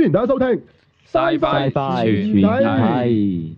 歡迎大家收聽，Sci-Fi Sci-Fi Sci-Fi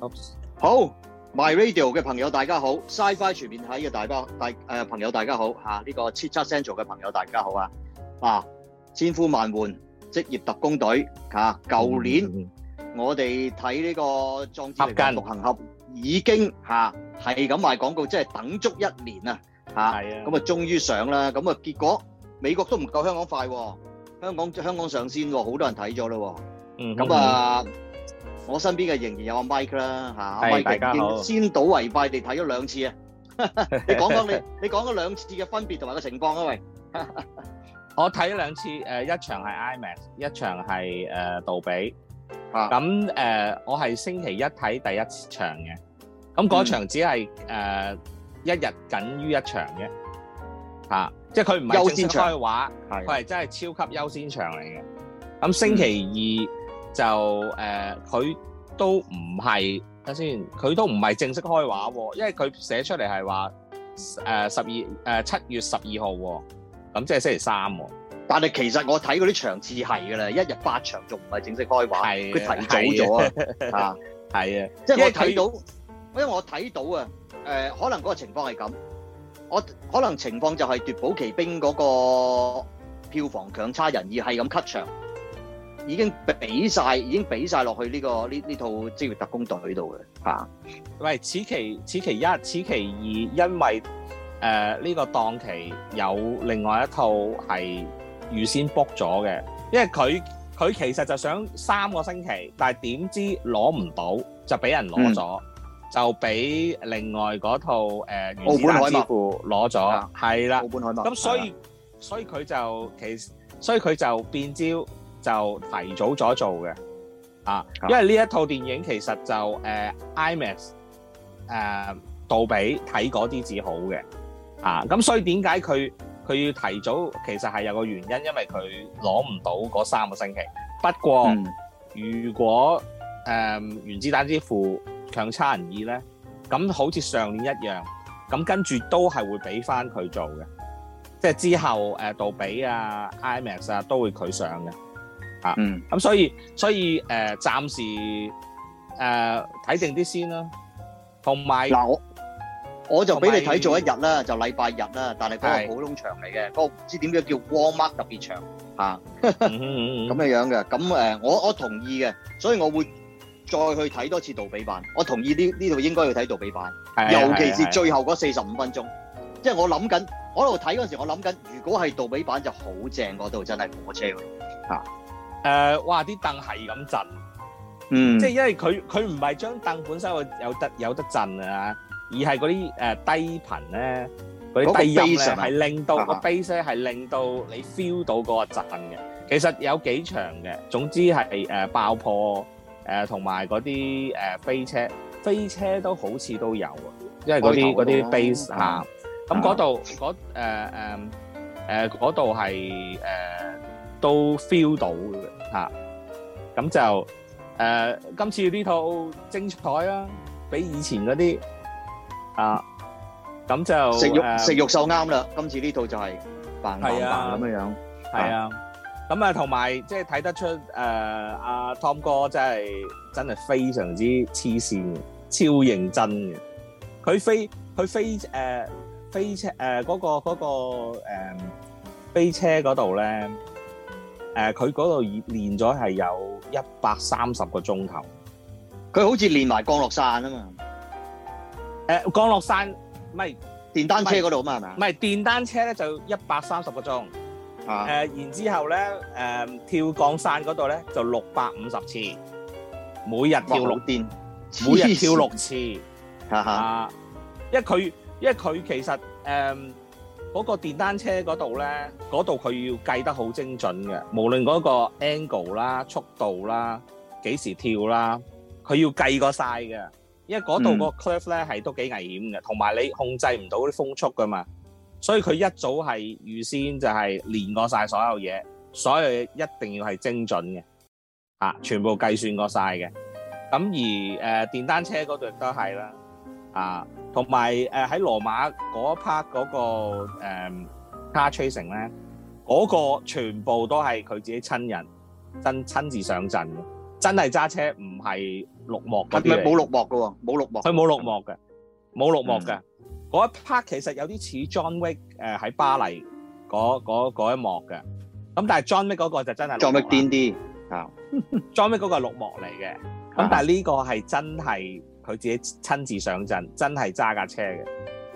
Sci-Fi，好 My Radio 嘅朋友大家好，Sci-Fi 全面睇嘅大包大誒朋友大家好吓，呢個七七 Central 嘅朋友大家好啊，啊千呼萬喚職業特工隊吓，舊年我哋睇呢個撞車六行合已經吓係咁賣廣告，即係等足一年啊吓，咁啊終於上啦，咁啊結果。美國都唔夠香港快喎，香港香港上先喎，好多人睇咗咯喎。嗯，咁啊，我身邊嘅仍然有阿 Mike 啦，嚇，Mike 仍然先睹為快地睇咗兩次啊。你講講你，你講咗兩次嘅分別同埋個情況啊，喂。我睇咗兩次，誒一場係 IMAX，一場係誒杜比。嚇，咁誒，我係星期一睇第一次場嘅，咁嗰場只係誒一日僅於一場嘅，嚇。即係佢唔係正式開畫，佢係真係超級優先場嚟嘅。咁星期二就誒，佢、嗯呃、都唔係睇先，佢都唔係正式開畫，因為佢寫出嚟係話誒十二誒七月十二號，咁即係星期三、啊。但係其實我睇嗰啲場次係噶啦，一日八場仲唔係正式開畫，佢提早咗啊，係啊，即係我睇到，因為，因為我睇到啊，誒、呃、可能嗰個情況係咁。我可能情況就係奪寶奇兵嗰個票房強差人意，係咁 cut 場，已經俾晒已經俾晒落去呢、呢個呢呢套職業特工隊度嘅嚇。喂，此其此其一，此其二，因為誒呢、呃呢個檔期有另外一套係預先 book 咗嘅，因為佢佢其實就想三個星期，但係點知攞唔到，就俾人攞咗。嗯就俾另外嗰套原子彈之父攞咗，係啦。奧本海默咁所以所以佢就其所以佢就變招，就，就，就提早咗做嘅，啊，因為呢一套電影其實就 IMAX 誒杜比睇嗰啲至好嘅，啊，咁所以點解佢佢要提早其實係有個原因，因為佢攞唔到嗰三個星期。不過如果、呃、原子彈之父強差人意咧，咁好似上年一樣，咁跟住都係會俾翻佢做嘅，即係之後誒杜比啊、IMAX 啊都會佢上嘅，啊，咁所以所以誒暫時誒睇定啲先啦，同埋嗱我我就俾你睇咗一日啦，就禮拜日啦，但係嗰個普通場嚟嘅，嗰個唔知點解叫光麥特別場嚇，咁嘅樣嘅，咁誒我我同意嘅，所以我會。再去睇多次杜比版，我同意呢呢度應該要睇杜比版，尤其是最後嗰四十五分鐘。即係我諗緊，我喺度睇嗰時，我諗緊，如果係杜比版就好正嗰度，真係火車喎，嘩，啊呃，哇！啲凳係咁震，嗯，即係因為佢佢唔係將凳本身有得有得震，呃低頻低那個，啊，而係嗰啲低頻咧，佢低音係令到個 base 咧係令到你 feel 到嗰個震嘅。其實有幾場嘅，總之係、呃、爆破。誒同埋嗰啲誒飛車，飛車都好似都有啊，因為嗰啲嗰啲 base 嚇，咁嗰度嗰誒誒誒嗰度係誒都 feel 到嘅嚇，咁就誒今次呢套精彩啦，比以前嗰啲啊，咁就食肉食肉受啱啦，今次呢套就係扮老闆咁嘅樣，係啊。咁啊，同埋即係睇得出，誒、呃、阿、啊、Tom 哥真係真係非常之黐線超認真嘅。佢飛佢飛誒、呃、飛車誒嗰、呃那個嗰、那個誒、呃、飛車嗰度咧，誒佢嗰度練咗係有一百三十個鐘頭，佢好似練埋降落傘啊嘛，誒、呃、降落傘唔係電單車嗰度啊嘛，係嘛？唔係電單車咧就一百三十個鐘。誒、啊，然之後咧，誒、嗯、跳降傘嗰度咧就六百五十次，每日六跳六顛，每日跳六次，哈哈、啊。因為佢，因為佢其實誒，嗰、嗯嗰個電單車嗰度咧，嗰度佢要計得好精準嘅，無論嗰個 angle 啦、速度啦、幾時跳啦，佢要計過晒嘅。因為嗰度個 cliff 咧係都幾危險嘅，同埋你控制唔到啲風速㗎嘛。所以佢一早係預先就係練過晒所有嘢，所有嘢一定要係精準嘅，啊，全部計算過晒嘅。咁而誒、呃、電單車嗰度都係啦，啊，同埋誒喺羅馬嗰一 part 嗰、那個誒、嗯、car chasing 呢，嗰、那個全部都係佢自己親人真親自上陣嘅，真係揸車唔係綠，綠，綠幕。唔係冇綠幕嘅喎，冇綠幕的。佢冇綠幕嘅，冇綠幕嘅。嗰一 part 其實有啲似 John Wick 喺巴黎嗰嗰嗰一幕嘅，咁但係 John Wick 嗰個就真係 John Wick 癲啲 John Wick 嗰個係綠幕嚟嘅，咁、啊、但係呢個係真係佢自己親自上陣，真係揸架車嘅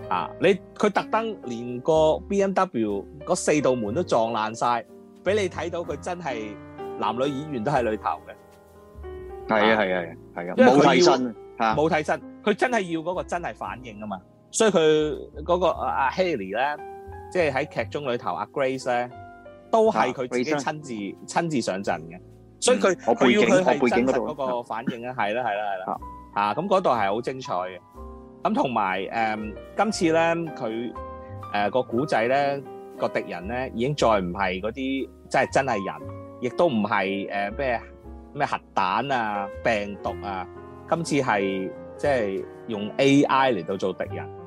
啊！你佢特登連個 BMW 嗰四道門都撞爛晒，俾你睇到佢真係男女演員都喺裏頭嘅。係啊係啊係啊，冇替身冇替身，佢、啊、真係要嗰個真係反應啊嘛～所以佢嗰個阿 Haley 咧，即係喺劇中裏頭呢，阿 Grace 咧都係佢自己親自親自上陣嘅。所以佢背景，佢係真實嗰個反應我背景 啊！係啦，係啦，係啦！咁嗰度係好精彩嘅。咁同埋誒，今次咧佢誒個古仔咧個敵人咧已經再唔係嗰啲即係真係人，亦都唔係誒咩咩核彈啊、病毒啊。今次係即係用 AI 嚟到做敵人。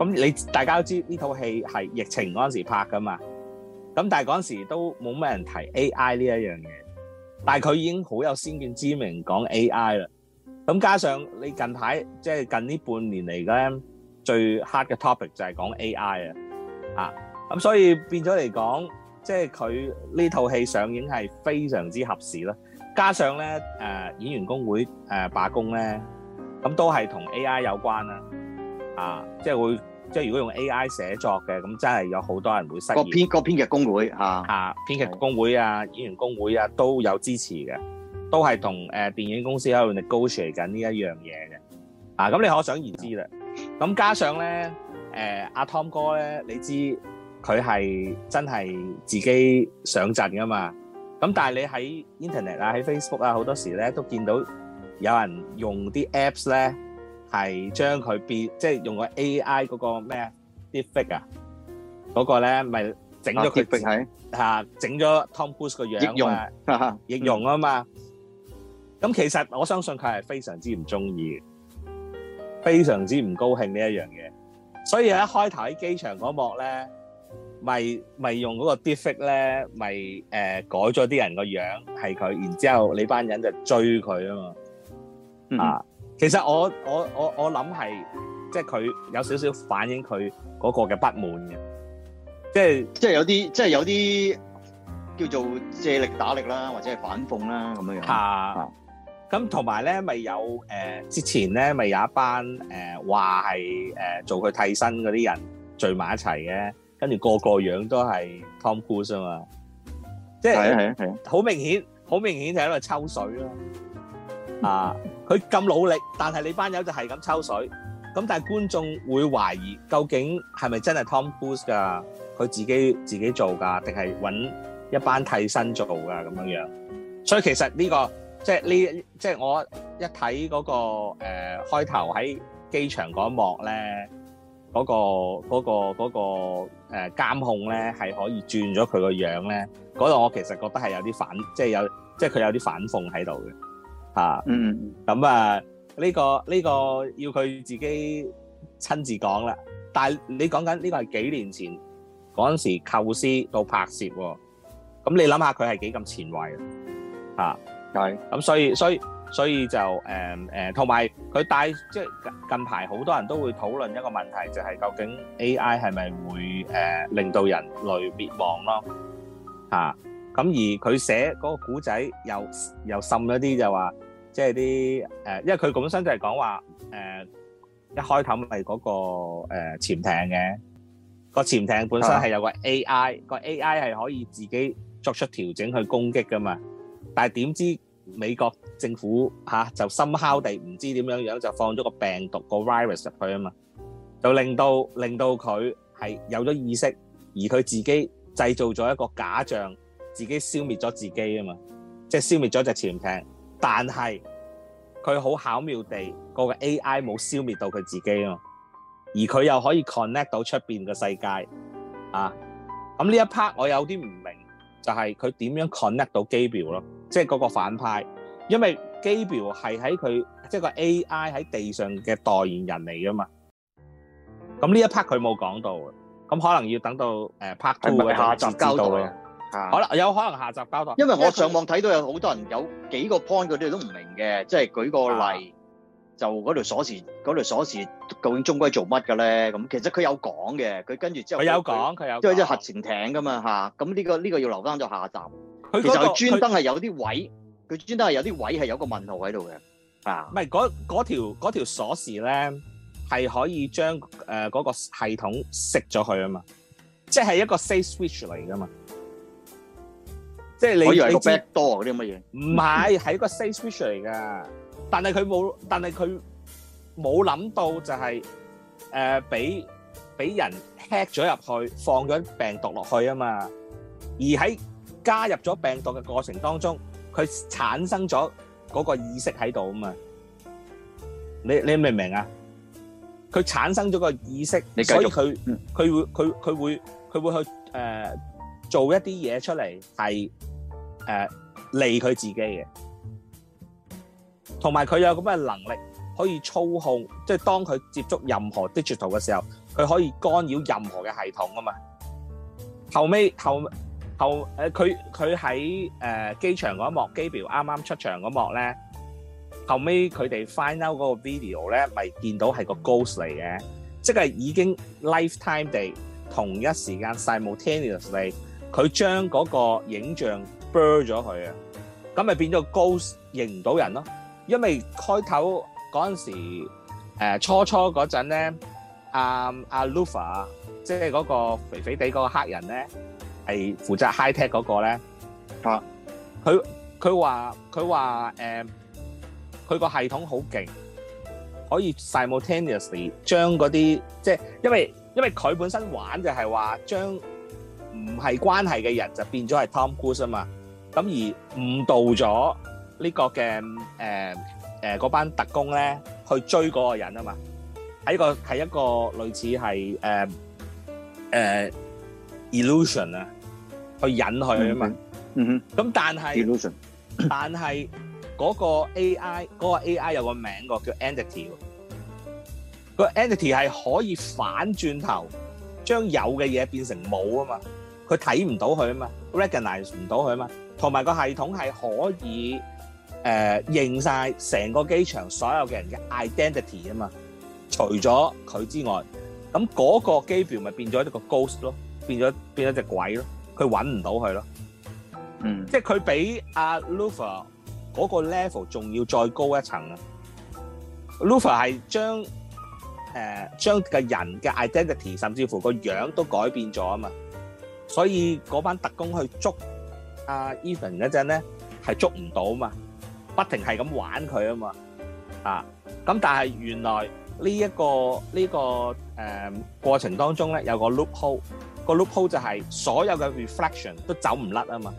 咁你大家都知呢套戲係疫情嗰陣時拍噶嘛。咁但係嗰陣時都冇咩人提 A I 呢一樣嘢，但係佢已經好有先見之明講 A I 啦。咁加上你近排即係近呢半年嚟咧最 hot 嘅 topic 就係講 A I 啊，啊咁所以變咗嚟講，即係佢呢套戲上映係非常之合適啦。加上咧誒演員工會誒罷工咧，咁都係同 A I 有關啦，啊即係會。即係如果用 AI 寫作嘅，咁真係有好多人會失業。個編個編劇工會啊，嚇編劇工會啊，演員工會啊都有支持嘅，都係同誒電影公司喺度 negotiate 緊呢一樣嘢嘅。啊咁你可想而知啦。咁加上咧誒阿 Tom 哥咧，你知佢係真係自己上陣噶嘛。咁但係你喺 Internet 啊，喺 Facebook 啊好多時咧都見到有人用啲 Apps 咧。係將佢變，即係用個 AI 嗰個咩 deepfake 啊，嗰、嗰個咧咪整咗佢嚇，整咗 Tom Cruise。其實我我我我諗係，即係佢有少少反映佢嗰個嘅不滿嘅，即係即係有啲即係有啲叫做借力打力啦，或者係反諷啦咁樣樣。吓、啊，咁同埋咧咪有誒、呃、之前咧咪有一班誒話係誒做佢替身嗰啲人聚埋一齊嘅，跟住個個樣都係 Tom Cruise 啊嘛，即係係啊係啊，好、啊啊、明顯好明顯就喺度抽水啦。啊！佢咁努力，但係你班友就係咁抽水咁。但係觀眾會懷疑，究竟係咪真係 Tom Cruise 㗎？佢自己自己做㗎，定係揾一班替身做㗎咁樣樣？所以其實呢個即係呢，即係我一睇嗰個誒開頭喺機場嗰一幕咧，嗰個嗰個嗰個誒監控咧係可以轉咗佢個樣咧嗰度，我其實覺得係有啲反，即係有即係佢有啲反諷喺度嘅。吓，嗯，咁啊，呢個呢個要佢自己親自講啦。但係你講緊呢個係幾年前嗰陣時構思到拍攝，咁你諗下佢係幾咁前衛啊？係，咁所以所以所以就誒誒，同埋佢帶即係近排好多人都會討論一個問題，就係究竟 AI 係咪會誒令到人類滅亡咯？吓。咁而佢寫嗰個古仔又又滲咗啲，就話即係啲，因為佢本身就係講話一開頭係嗰個潛艇嘅，個潛艇本身係有個 A.I.，個 A.I. 係可以自己作出調整去攻擊噶嘛。但係點知美國政府，啊，就深敲地唔知點樣樣就放咗個病毒個 virus 入去啊嘛，就令到令到佢係有咗意識，而佢自己製造咗一個假象。自己消滅咗自己啊嘛，即係消滅咗隻潛艇，但係佢好巧妙地個個 AI 冇消滅到佢自己啊嘛，而佢又可以 connect 到出面嘅世界啊。咁呢一 part 我有啲唔明，就係佢點樣 connect 到基表咯？即係嗰個反派，因為基表係喺佢即係個 AI 喺地上嘅代言人嚟啊嘛。咁呢一 part 佢冇講到，咁可能要等到 part two 會下集知道 好啦，有可能下集交代，因為我上網睇到有好多人有幾個 point 佢哋都唔明嘅，即係舉個例，啊、就嗰條鎖匙嗰條鎖匙究竟終歸做乜嘅咧？咁其實佢有講嘅，佢跟住之後佢有講，佢有，因為即係核潛艇噶嘛吓，咁、啊、呢、這個呢、這個要留翻咗下集。佢、那個、其實佢專登係有啲位，佢專登係有啲位係有,有一個問號喺度嘅。啊不，唔係嗰嗰條條鎖匙咧，係可以將誒嗰個系統食咗佢啊嘛，即、就、係、是、一個 safe switch 嚟噶嘛。即係你，我以為個 bag 多啲咁嘅嘢？唔係，係一個 safe 嚟嘅。但係佢冇，但係佢冇諗到就係誒俾俾人 hack 咗入去，放咗病毒落去啊嘛。而喺加入咗病毒嘅過程當中，佢產生咗嗰個意識喺度啊嘛。你你明唔明啊？佢產生咗個意識，你所以佢佢會佢佢會佢會去誒、呃、做一啲嘢出嚟係。誒，利佢自己嘅，同埋佢有咁嘅能力可以操控，即係當佢接觸任何 digital 嘅時候，佢可以干擾任何嘅系統啊嘛。後尾後後誒，佢佢喺誒機場嗰一幕機表啱啱出場嗰一幕咧，後尾佢哋 find out 嗰個 video 咧，咪見到係個 ghost 嚟嘅，即係已經 lifetime 地同一時間 simultaneously，佢將嗰個影像 burn 咗佢啊！咁咪變咗 ghost 認唔到人咯？因為開頭嗰陣時、呃，初初嗰陣咧，阿、啊、阿、啊、Lufa，即係嗰個肥肥地嗰個黑人咧，係負責 high tech 嗰個咧。嚇！佢佢話佢話誒，佢個、呃、系統好勁，可以 simultaneously 將嗰啲即係因為因為佢本身玩就係話將唔係關係嘅人就變咗係 Tom Cruise 啊嘛～咁而誤導咗呢個嘅誒誒嗰班特工咧，去追嗰個人啊嘛，喺個係一個類似係誒、呃呃、illusion 啊，去引佢啊、嗯、嘛，嗯哼，咁但係 illusion，但係嗰、嗰個 AI 嗰個 AI 有個名喎，叫 entity，個 entity 係可以反轉頭將有嘅嘢變成冇啊嘛。佢睇唔到佢啊嘛，recognize 唔到佢啊嘛，同埋個系統係可以誒認曬成個機場所有嘅人嘅 identity 啊嘛，除咗佢之外，咁嗰個機票咪變咗一個 ghost 咯，變咗變咗隻鬼咯，佢揾唔到佢咯，嗯，即係佢比阿 Lufa 嗰個 level 仲要再高一層啊，Lufa 係將誒將個人嘅 identity 甚至乎個樣都改變咗啊嘛。所以嗰班特工去捉阿 Ethan 嗰陣咧，係捉唔到嘛，不停係咁玩佢啊嘛，啊咁但係原來呢一個呢個誒過程當中咧有個 loop hole，個 loop hole 就係所有嘅 reflection 都走唔甩啊嘛，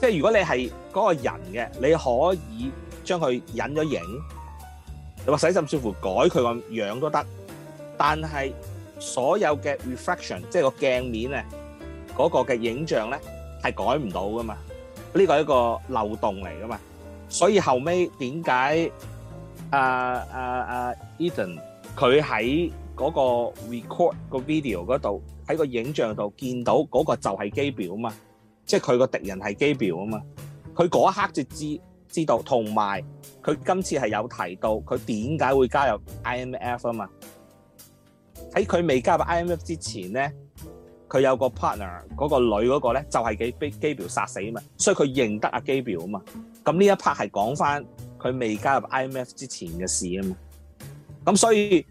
即係如果你係嗰個人嘅，你可以將佢隱咗影，或使甚至乎改佢個樣都得，但係所有嘅 reflection 即係個鏡面咧。嗰個嘅影像咧係改唔到噶嘛，呢個係一個漏洞嚟噶嘛，所以後尾點解誒誒誒 Ethan 佢喺嗰個 record 個 video 嗰度喺個影像度見到嗰個就係機表啊嘛，即係佢個敵人係機表啊嘛，佢嗰一刻就知知道，同埋佢今次係有提到佢點解會加入 IMF 啊嘛，喺佢未加入 IMF 之前咧。佢有個 partner，嗰個女嗰個咧就係、是、被 Gabriel 殺死啊嘛，所以佢認得阿 Gabriel 啊嘛。咁呢一 part 係講返佢未加入 IMF 之前嘅事啊嘛。咁所以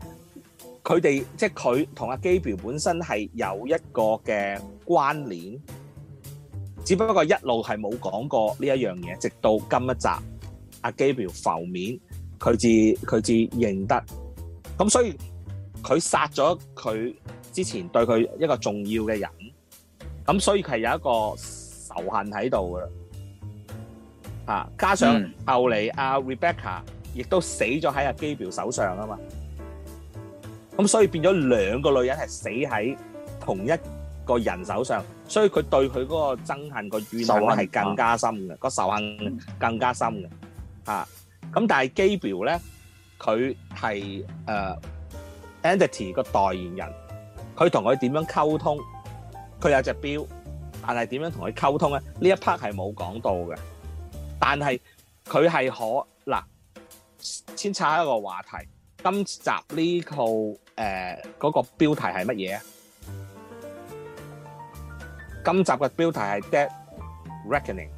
佢哋即係佢同阿 Gabriel 本身係有一個嘅關聯，只不過一路係冇講過呢一樣嘢，直到今一集阿 Gabriel 浮面，佢至佢至認得。咁所以佢殺咗佢。之前對佢一個重要嘅人，咁所以佢係有一個仇恨喺度噶啦，嚇加上後嚟阿 Rebecca 亦都死咗喺阿 Gabriel 手上啊嘛，咁所以變咗兩個女人係死喺同一個人手上，所以佢對佢嗰個憎恨個怨恨係更加深嘅，個仇恨更加深嘅嚇。咁但係 Gabriel 咧，佢係誒 Entity 個代言人。佢同佢點樣溝通？佢有隻表，但係點樣同佢溝通咧？呢一 part 係冇講到嘅。但係佢係可嗱，先插一個話題。今集呢套誒嗰個標題係乜嘢啊？今集嘅標題係 Dead Reckoning，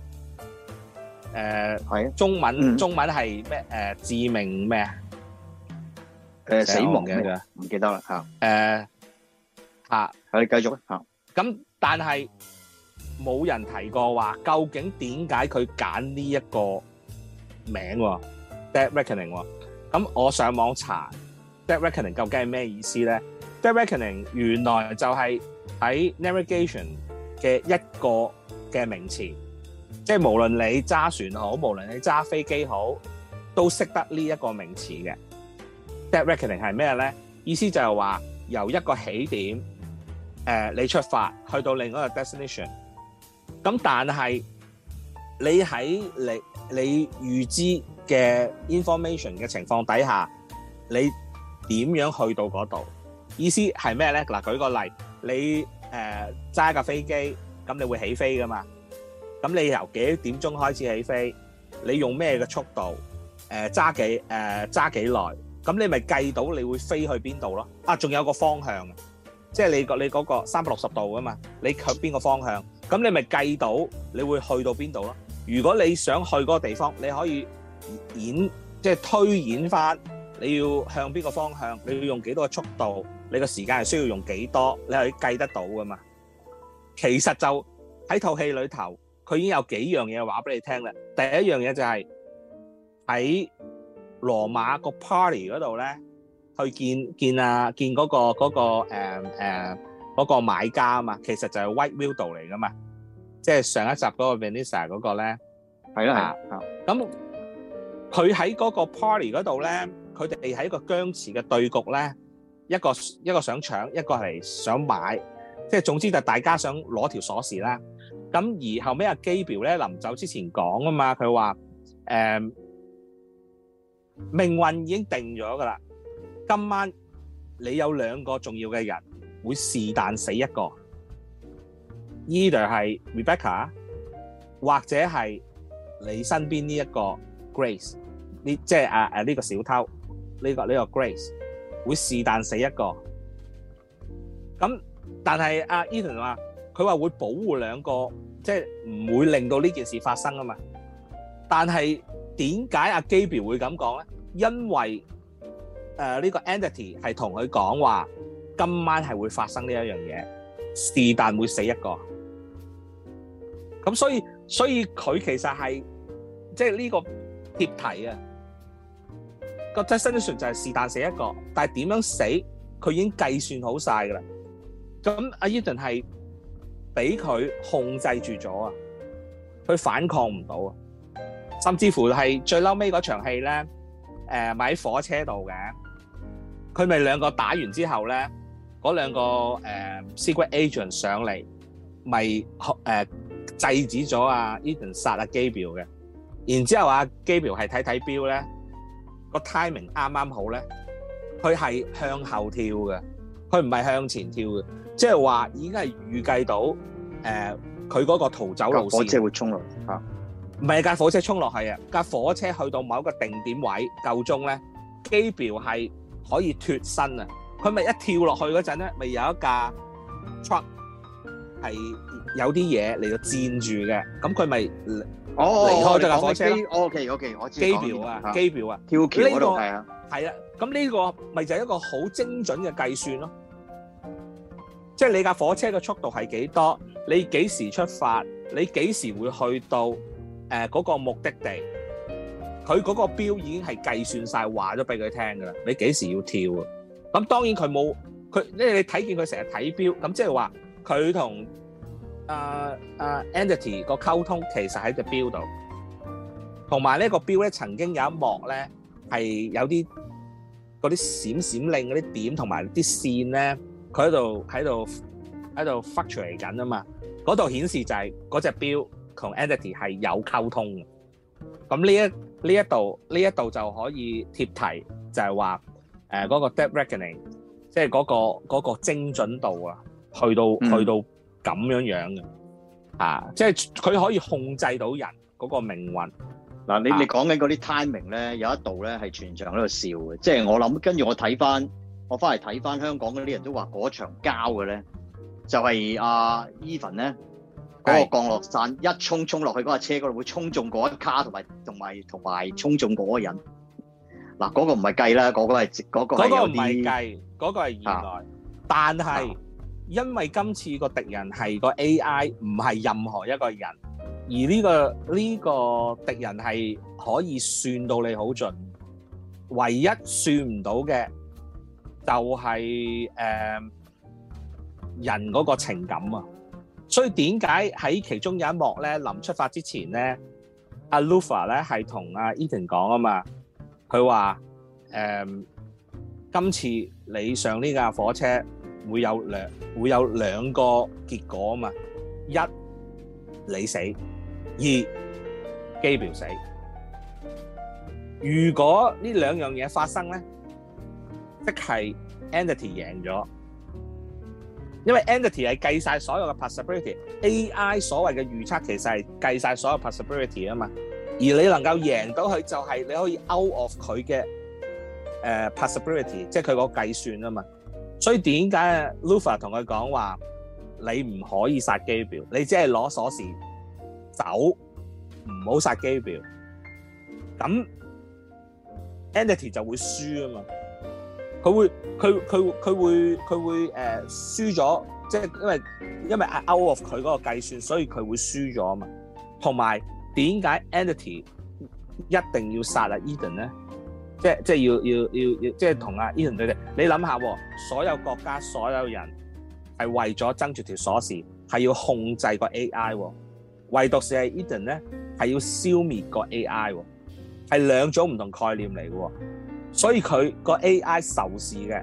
呃。誒係中文，嗯、中文係咩？誒、呃、致命咩啊？死亡嘅唔記得啦嚇誒。啊，我哋繼續啊！咁但係冇人提過話，究竟點解佢揀呢一個名？Dead Reckoning。咁我上網查 Dead Reckoning 究竟係咩意思咧？Dead Reckoning 原來就係喺 Navigation 嘅一個嘅名詞，即係無論你揸船好，無論你揸飛機好，都識得呢一個名詞嘅。Dead Reckoning 係咩咧？意思就係話由一個起點。誒，你出發去到另外一個 destination，咁但係你喺你你預知嘅 information 嘅情況底下，你點樣去到嗰度？意思係咩咧？嗱，舉個例，你誒揸架飛機，咁你會起飛噶嘛？咁你由幾點鐘開始起飛？你用咩嘅速度？誒、呃、揸幾誒揸、呃、幾耐？咁你咪計到你會飛去邊度咯？啊，仲有一個方向。即係你，你個你嗰個三百六十度噶嘛，你向邊個方向，咁你咪計到你會去到邊度咯？如果你想去嗰個地方，你可以演即係推演翻，你要向邊個方向，你要用幾多個速度，你個時間係需要用幾多，你可以計得到噶嘛？其實就喺套戲裏頭，佢已經有幾樣嘢話俾你聽啦。第一樣嘢就係喺羅馬個 party 嗰度咧。去見見啊，見嗰個嗰個誒誒嗰個買家啊嘛，其實就係 White Widow 嚟噶嘛，即係上一集嗰個 Vanessa 嗰個咧，係咯係啊，咁佢喺嗰個 party 嗰度咧，佢哋喺個僵持嘅對局咧，一個一個想搶，一個係想買，即係總之就大家想攞條鎖匙啦。咁而後尾阿基表咧臨走之前講啊嘛，佢話誒命運已經定咗噶啦。今晚你有兩個重要嘅人會是但死一個，Ethan 係 Rebecca，或者係你身邊呢一個 Grace，呢即係啊啊呢個小偷呢個呢個 Grace 會是但死一個。咁但係阿 Ethan 話佢話會保護兩個，即係唔會令到呢件事發生啊嘛。但係點解阿 Gabriel 會咁講咧？因為誒、呃、呢、呢個 entity 係同佢講話，今晚係會發生呢一樣嘢，是但會死一個。咁所以所以佢其實係即係呢個貼題啊，個 decision 就係是但死一個，但係點樣死佢已經計算好晒㗎啦。咁阿 Ethan 係俾佢控制住咗啊，佢反抗唔到啊，甚至乎係最嬲尾嗰場戲咧，誒咪喺火車度嘅。佢咪兩個打完之後咧，嗰兩個、呃、secret agent 上嚟，咪、呃、制止咗啊！Eden 殺啊 Gabriel 嘅，然之後啊 Gabriel 係睇睇表咧，個 timing 啱啱好咧，佢係向後跳嘅，佢唔係向前跳嘅，即係話已經係預計到佢嗰、呃、個逃走路線，火車會衝落啊！唔係架火車衝落去啊，架火車去到某一個定點位夠鐘咧，Gabriel 係。可以脫身啊！佢咪一跳落去嗰陣咧，咪有一架 truck 係有啲嘢嚟到纏住嘅。咁佢咪哦離開咗架火車咯。O K O K，我知機票啊，機票啊，跳橋嗰度係啊，係啊。咁呢個咪就係一個好精準嘅計算咯。即係你架火車嘅速度係幾多？你幾時出發？你幾時會去到誒嗰個目的地？佢嗰個表已經係計算曬，話咗俾佢聽㗎啦。你幾時要跳啊？咁當然佢冇佢，因為你睇見佢成日睇表，咁即係話佢同誒誒 entity 個溝通其實喺隻表度，同埋呢個表咧曾經有一幕咧係有啲嗰啲閃閃令嗰啲點同埋啲線咧，佢喺度喺度喺度 function 緊啊嘛。嗰度顯示就係嗰隻表同 entity 係有溝通。咁呢一呢一度呢一度就可以貼題就是說，那個、就係話誒嗰個 dead reckoning，即係嗰個精準度啊，去到、嗯、去到咁樣樣嘅，嚇、啊！即係佢可以控制到人嗰個命運。嗱、啊，你你講緊嗰啲 timing 咧，有一度咧係全場喺度笑嘅，即、就、係、是、我諗跟住我睇翻，我翻嚟睇翻香港嗰啲人都話嗰場交嘅咧，就係阿 Evan 咧。啊嗰、那個降落傘一衝衝落去嗰個車嗰度，會衝中嗰一卡，同埋同埋同埋衝中嗰個人。嗱、那個，嗰、那個唔係、那個那個、計啦，嗰、那個係嗰嗰個唔係計，嗰個係意外。啊、但係、啊、因為今次個敵人係、那個 AI，唔係任何一個人，而呢、這個呢、這個、敵人係可以算到你好盡，唯一算唔到嘅就係、是呃、人嗰個情感啊！所以點解喺其中有一幕咧，臨出發之前咧，阿 Lufa 咧係同阿 Ethan 講啊嘛，佢話：誒，今次你上呢架火車會有兩會有兩個結果啊嘛，一你死，二機票死。如果呢兩樣嘢發生咧，即係 Entity 贏咗。因為 entity 係計晒所有嘅 possibility，AI 所謂嘅預測其實係計晒所有 possibility 啊嘛，而你能夠贏到佢就係你可以 out of 佢嘅誒 possibility，即係佢個計算啊嘛。所以點解 Lufa 同佢講話你唔可以殺機表，你只係攞鎖匙走，唔好殺機表，咁 entity 就會輸啊嘛。佢會，佢佢佢會佢會誒、呃、輸咗，即係因為因為阿 Out of 佢嗰個計算，所以佢會輸咗啊嘛。同埋點解 Entity 一定要殺阿 Eden 咧？即即要要要要，即係同阿 Eden 對敵，你諗下，所有國家所有人係為咗爭住條鎖匙，係要控制個 AI，唯獨是係 Eden 咧，係要消滅個 AI，係兩種唔同概念嚟嘅。所以佢個 AI 仇視嘅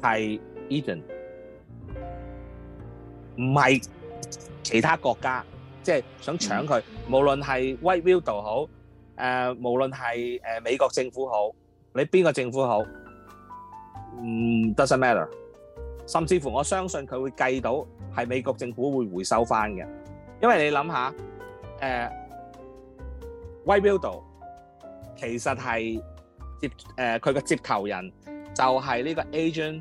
係 Ethan，唔係其他國家，即係想搶佢。無論係 White Widow 好，誒無論係誒美國政府好，你邊個政府好，嗯 doesn't matter。甚至乎我相信佢會計到係美國政府會回收返嘅，因為你諗下，誒 White Widow 其實係。接佢個、呃、接頭人就係呢個 agent、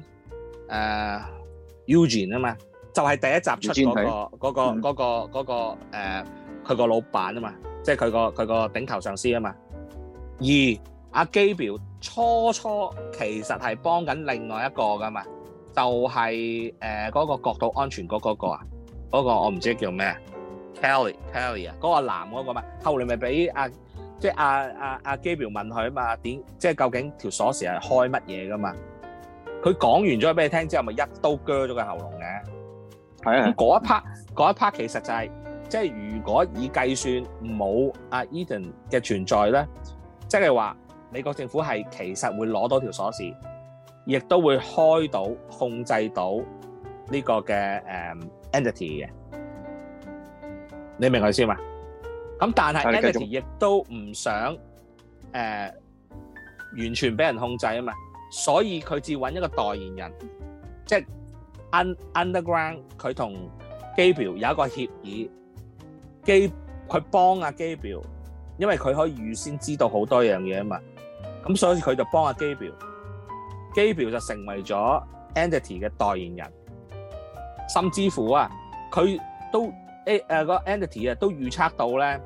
呃、Eugene 啊嘛，就係、是、第一集出的、那個、那個嗰、嗯那個佢、那個、呃、老闆啊嘛，即係佢個佢個頂頭上司啊嘛。而阿 Gabriel 初初其實係幫緊另外一個噶嘛，就係誒嗰個國土安全局嗰、那個啊，嗰、那個我唔知叫咩，Kelly Kelly 啊，嗰個男嗰、那個嘛，後嚟咪俾阿。即係阿阿阿 Gabriel 問佢啊嘛，點即係究竟條鎖匙係開乜嘢噶嘛？佢講完咗俾你聽之後，咪一刀割咗佢喉嚨嘅。係啊，咁嗰一 part 嗰一 part 其實就係，即係如果以計算冇阿 Ethan 嘅存在咧，即係話美國政府係其實會攞到條鎖匙，亦都會開到控制到呢個嘅誒 entity 嘅。你明我意思嘛？咁但係 entity 亦都唔想誒、呃、完全俾人控制啊嘛，所以佢至揾一個代言人，即係 underground 佢同 Gabriel 有一個協議，機佢幫阿 Gabriel，因為佢可以預先知道好多樣嘢啊嘛，咁所以佢就幫阿 Gabriel，Gabriel 就成為咗 entity 嘅代言人，甚至乎啊，佢都。誒誒個 entity 啊，都預測到咧，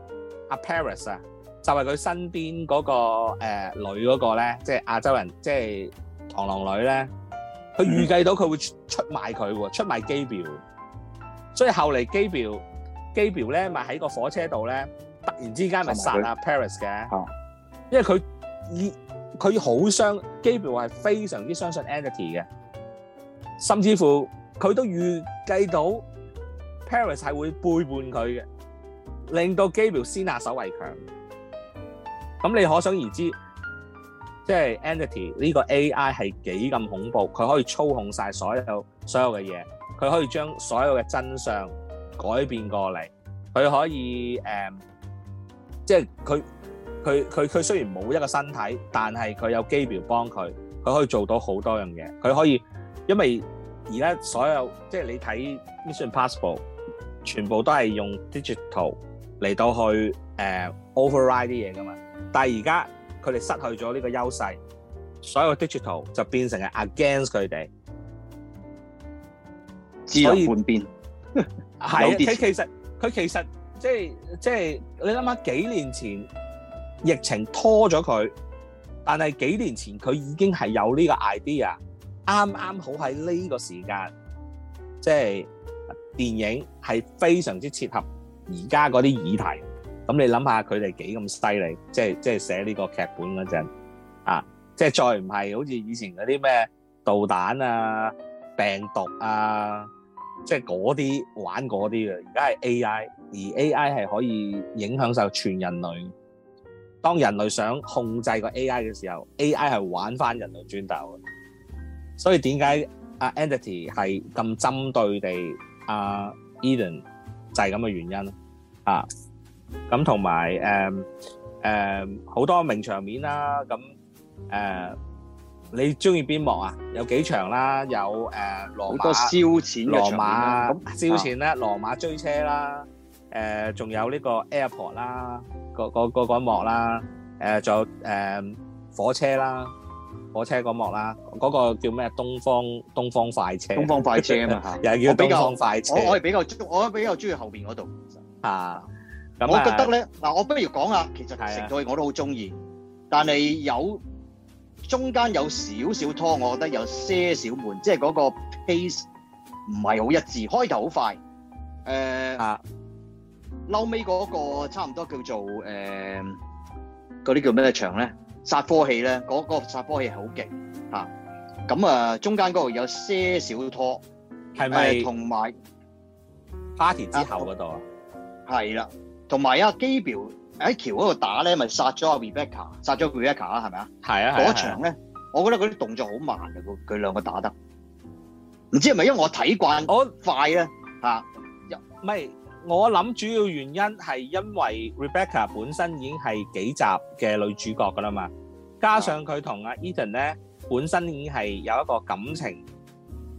阿、啊、Paris 啊，就係、是、佢身邊嗰、那個誒、呃、女嗰個咧，即係亞洲人，即係螳螂女咧。佢預計到佢會出賣佢喎，出賣 Gabriel，所以後嚟 GabrielGabriel 咧咪喺個火車度咧，突然之間咪殺阿、啊、Paris 嘅、啊。因為佢以佢好相 Gabriel 係係非常之相信 entity 嘅，甚至乎佢都預計到。Paris 係會背叛佢嘅，令到 Gabriel 先下手為強。咁你可想而知，即係 Entity 呢個 AI 係幾咁恐怖，佢可以操控晒所有所有嘅嘢，佢可以將所有嘅真相改變過嚟，佢可以誒，即係佢佢佢佢雖然冇一個身體，但係佢有 Gabriel 幫佢，佢可以做到好多樣嘢，佢可以因為而家所有即係你睇 Mission Impossible。全部都係用 digital 嚟到去誒 override 啲嘢㗎嘛，但係而家佢哋失去咗呢個優勢，所有嘅 digital 就變成係 against 佢哋，啊，字有半邊，係佢其實佢其實即係即係你諗下幾年前疫情拖咗佢，但係幾年前佢已經係有呢個 idea，啱啱好喺呢個時間，即係。電影係非常之切合而家嗰啲議題，咁你諗下佢哋幾咁犀利，即係即係寫呢個劇本嗰陣，啊，即係再唔係好似以前嗰啲咩導彈啊、病毒啊，即係嗰啲玩嗰啲嘅，而家係 A.I.，而 A.I. 係可以影響受全人類。當人類想控制個 A.I. 嘅時候，A.I. 係玩翻人類轉頭，所以點解阿 Entity 係咁針對地？啊，Eden 就係咁嘅原因啊，咁同埋誒誒好多名場面啦，咁誒你中意邊幕啊？有幾場啦，有誒羅馬燒錢嘅場面啦，燒錢咧，羅馬追車啦，誒仲有呢個 Airport 啦，個個個個幕啦，誒仲有誒火車啦。火車嗰幕啦，嗰、嗰個叫咩？東方東方快車，東方快車啊嘛吓， 又係叫東方快車。我係比較中，我比較中意後邊嗰度啊。我覺得咧嗱，我不如講下。其實成套戲我都好中意，但係有中間有少少拖，我覺得有些少，少門，即係嗰個 pace 唔係好一致，開頭好快誒，後尾、呃、嗰、啊、個差唔多叫做誒嗰啲叫咩場咧？殺科器咧，嗰、嗰個殺科器好勁吓，咁啊，啊中間嗰度有些少拖，係咪同埋 party 之後嗰度啊？係啦，同埋啊，Gabriel 喺橋嗰度打咧，咪殺咗阿 Rebecca，殺咗 Rebecca 啦，係咪啊？係啊，嗰場咧，我覺得佢啲動作好慢啊，佢佢兩個打得，唔知係咪因為我睇慣我快啊吓，又、啊、咩？我諗主要原因係因為 Rebecca 本身已經係幾集嘅女主角噶啦嘛，加上佢同阿 Ethan 咧本身已經係有一個感情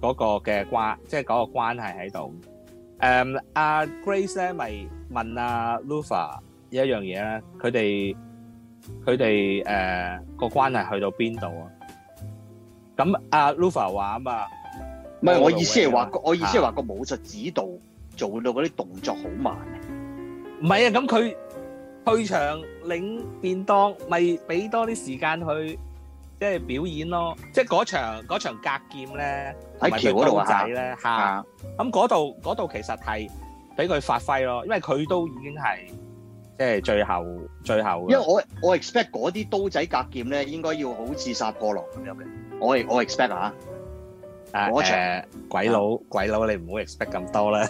嗰個嘅關，即係嗰個關係喺度。誒，阿 Grace 咧咪問阿 Lufa 有一樣嘢咧，佢哋佢哋誒個關係去到邊度啊？咁阿 Lufa 話啊嘛，唔係。我意思係話，我意思係話個武術指導。做到嗰啲動作好慢，唔係啊！咁佢退場領便當，咪俾多啲時間去即係表演咯。即係嗰場嗰場格劍咧，喺橋嗰度啊！刀仔咧嚇，咁嗰度嗰度其實係俾佢發揮咯，因為佢都已經係即係最後最後。因為我我 expect 嗰啲刀仔格劍咧，應該要好似殺破狼咁樣嘅，我我 expect 嚇。我誒鬼佬鬼佬，你唔好 expect 咁多啦！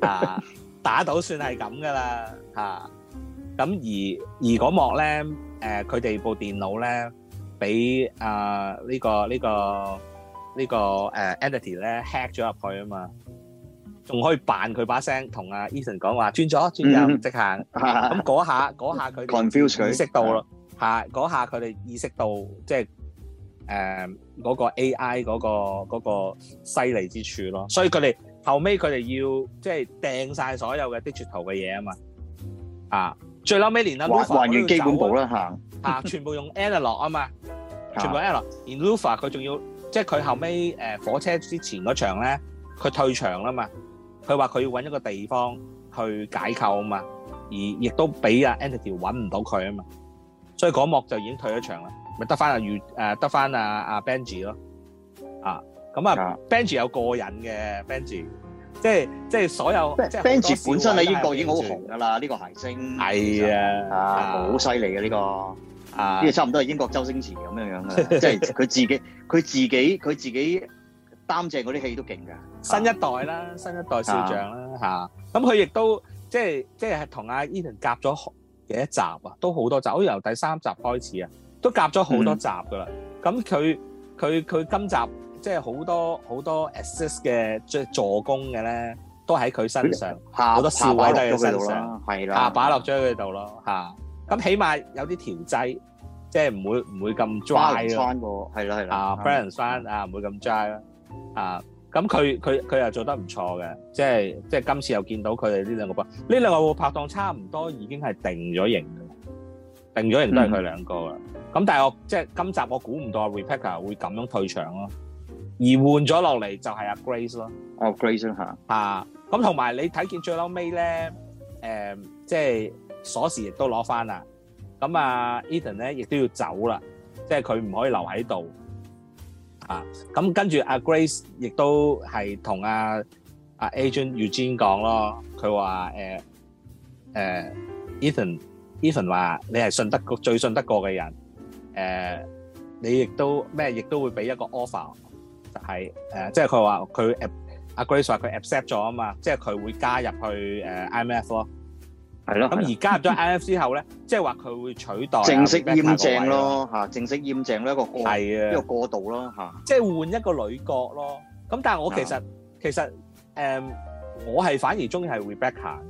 啊，打到算係咁噶啦嚇。咁而而嗰幕咧，誒佢哋部電腦咧，俾啊呢個呢個呢個誒 entity 咧 hack 咗入去啊嘛，仲可以扮佢把聲同阿 Ethan 講話，轉左轉右直行。咁嗰下嗰下佢 confuse 佢意識到咯，嚇嗰下佢哋意識到即係誒。嗰、嗰個 AI 嗰、嗰個嗰犀利之處咯，所以佢哋後尾佢哋要即係掟晒所有嘅 digital 嘅嘢啊嘛，啊，最嬲尾連 Lufa 都用舊啦嚇，嚇、啊、全部用 analogue 啊嘛， 全部 analog 而 Lufa 佢仲要即係佢後尾火車之前嗰場咧，佢退場啦嘛，佢話佢要搵一個地方去解構啊嘛，而亦都俾啊 Entity 揾唔到佢啊嘛，所以嗰幕就已經退咗場啦。咪得翻阿遇誒得翻啊！阿 Benji 咯，啊咁啊 Benji 有個人嘅 Benji，即係即係所有 Benji 本身喺英國已經好紅噶啦，呢個行星係啊，好犀利嘅呢個，呢個差唔多係英國周星馳咁樣樣嘅，即係佢自己佢自己佢自己擔正嗰啲戲都勁噶， 新一代啦，新一代少將啦吓，咁佢亦都即係即係同阿 Eden 夾咗幾多集啊，都好多集，好似由第三集開始啊。都夾咗好多集噶啦，咁佢佢佢今集即係好多好多 assist 嘅助助攻嘅咧，都喺佢身上，好多笑位都喺佢身上，擺落咗喺佢度咯，嚇！咁起碼有啲調劑，即係唔會唔會咁 dry 咯，係啦係啦，啊，Bryan 山啊唔會咁 dry 啦，啊，咁佢佢佢又做得唔錯嘅，即係即係今次又見到佢哋呢兩個拍，呢兩個拍檔差唔多已經係定咗型。定咗人，都係佢兩個啦。咁但係我即係今集，我估唔到啊，Rebecca 會咁樣退場咯。而換咗落嚟就係啊 Grace 咯。哦，Grace 吓。啊，咁同埋你睇見最後尾咧，誒，即係鎖匙亦都攞翻啦。咁啊，Ethan 咧亦都要走啦，即係佢唔可以留喺度。啊，咁跟住啊 Grace 亦都係同啊啊 Agent Eugene 講咯，佢話誒誒 Ethan。Even 話你係信得過最信得過嘅人，誒、呃、你亦都咩？亦都會俾一個 offer，就係、是、誒，即係佢話佢誒阿 Grace 話佢 accept 咗啊嘛，即係佢會加入去誒、呃、IMF 咯，係咯。咁而加入咗 IMF 之後咧，即係話佢會取代正式驗證咯嚇，正式驗證一個過係啊，一個過渡咯嚇。即係、就是、換一個女角咯。咁但係我其實其實誒、呃，我係反而中意係 Rebecca。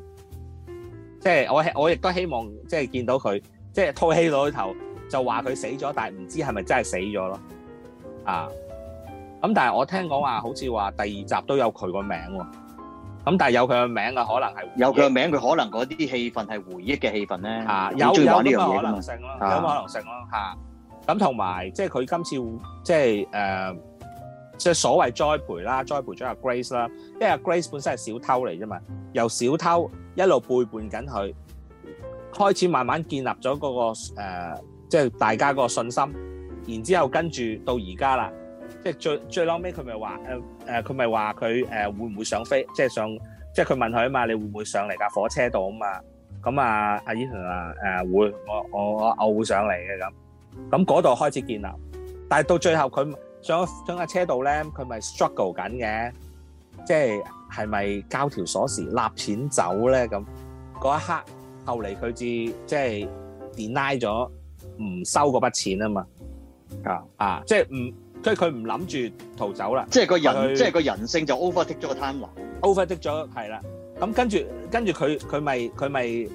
即係我希我亦都希望即係見到佢，即係套戲裏頭就話佢死咗，但係唔知係咪真係死咗咯？啊！咁但係我聽講話好似話第二集都有佢個名喎。咁但係有佢個名嘅可能係有佢個名，佢可能嗰啲戲份係回憶嘅戲份咧。嚇，有有呢個可能性咯，有個可能性咯嚇。咁同埋即係佢今次即係誒。即係所謂栽培啦，栽培咗阿 Grace 啦，因為阿 Grace 本身係小偷嚟啫嘛，由小偷一路背叛緊佢，開始慢慢建立咗嗰個誒，即係大家嗰個信心。然之後跟住到而家啦，即係最最後尾佢咪話誒誒，佢咪話佢誒會唔會上飛？即係上，即係佢問佢啊嘛，你會唔會上嚟架火車度啊嘛？咁啊，阿伊頓話誒會，我我我會上嚟嘅咁，咁嗰度開始建立，但係到最後佢。上上架車度咧，佢咪 struggle 緊嘅，即係係咪交條鎖匙納錢走咧？咁嗰一刻，後嚟佢至即係 deny 咗，唔收嗰筆錢啊嘛。啊啊，即係唔，即係佢唔諗住逃走啦。即係個人，即係個人性就 overtake 咗個貪婪 overtake 咗，係啦。咁跟住跟住佢佢咪佢咪，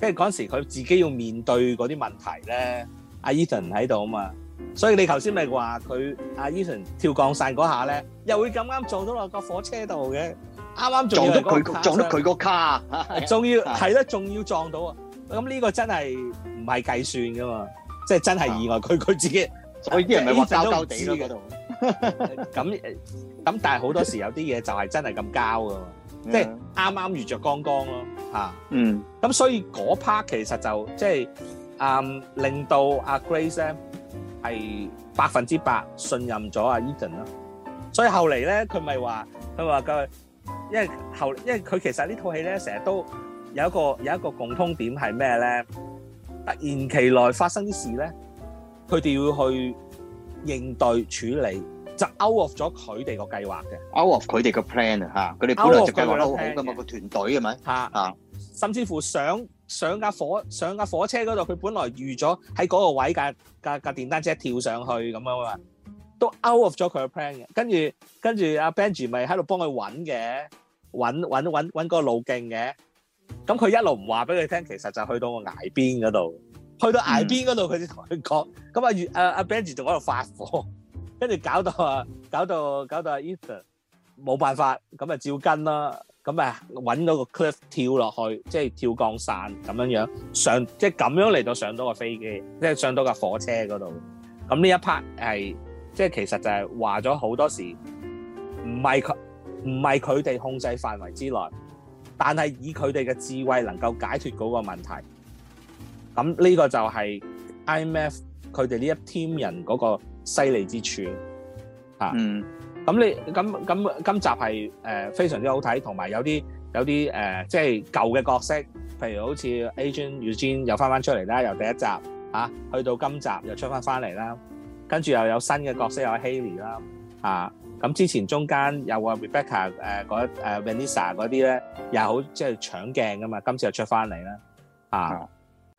跟住嗰陣時佢自己要面對嗰啲問題咧。阿 Ethan 喺度啊嘛。所以你頭先咪話佢阿 Ethan 跳降傘嗰下咧，又會咁啱撞到落個火車度嘅，啱啱撞到佢撞到佢個卡，仲要係咯，仲要撞到啊！咁呢個真係唔係計算噶嘛，即係真係意外。佢佢自己，所以啲人咪交交地咯嗰度。咁咁，但係好多時有啲嘢就係真係咁交噶嘛，即係啱啱遇著剛剛咯嚇。嗯，咁所以嗰 part 其實就即係嗯，令到阿 Grace 咧。係百分之百信任咗阿 Ethan 啦，所以後嚟咧，佢咪話佢話佢，因為後因為佢其實呢套戲咧，成日都有一個有一個共通點係咩咧？突然期內發生啲事咧，佢哋要去應對處理，就 out of 咗佢哋個計劃嘅，out of 佢哋個 plan 啊，吓佢哋本來就計劃得好嘅嘛，個團隊係咪？吓吓，甚至乎想。上架火上架火車嗰度，佢本來預咗喺嗰個位架架架電單車跳上去咁樣啊，都 out 咗佢個 plan 嘅。跟住跟住阿跟着，Benji 咪喺度幫佢揾嘅，揾揾揾揾個路徑嘅。咁佢一路唔話俾佢聽，其實就去到個崖邊嗰度，去到崖邊嗰度佢就同佢講。咁阿阿阿 Benji 仲喺度發火，跟住搞到啊搞到搞到阿咁啊，揾到個 cliff 跳落去，即係跳降傘咁樣樣上，即係咁樣嚟到上到個飛機，即係上到架火車嗰度。咁呢一 part 係即係其實就係話咗好多時唔係佢唔係佢哋控制範圍之內，但係以佢哋嘅智慧能夠解決嗰個問題。咁呢個就係 IMF 佢哋呢一 team 人嗰個犀利之處嚇。咁你咁咁今集係誒非常之好睇，同埋有啲有啲誒，即係舊嘅角色，譬如好似 Agent Eugene 又翻翻出嚟啦，由第一集嚇，去到今集又出翻翻嚟啦，跟住又有新嘅角色有 Hayley 啦，嚇，咁之前中間有個 Rebecca 誒，嗰誒 Vanessa 嗰啲咧，又好即係搶鏡噶嘛，今次又出翻嚟啦，嚇，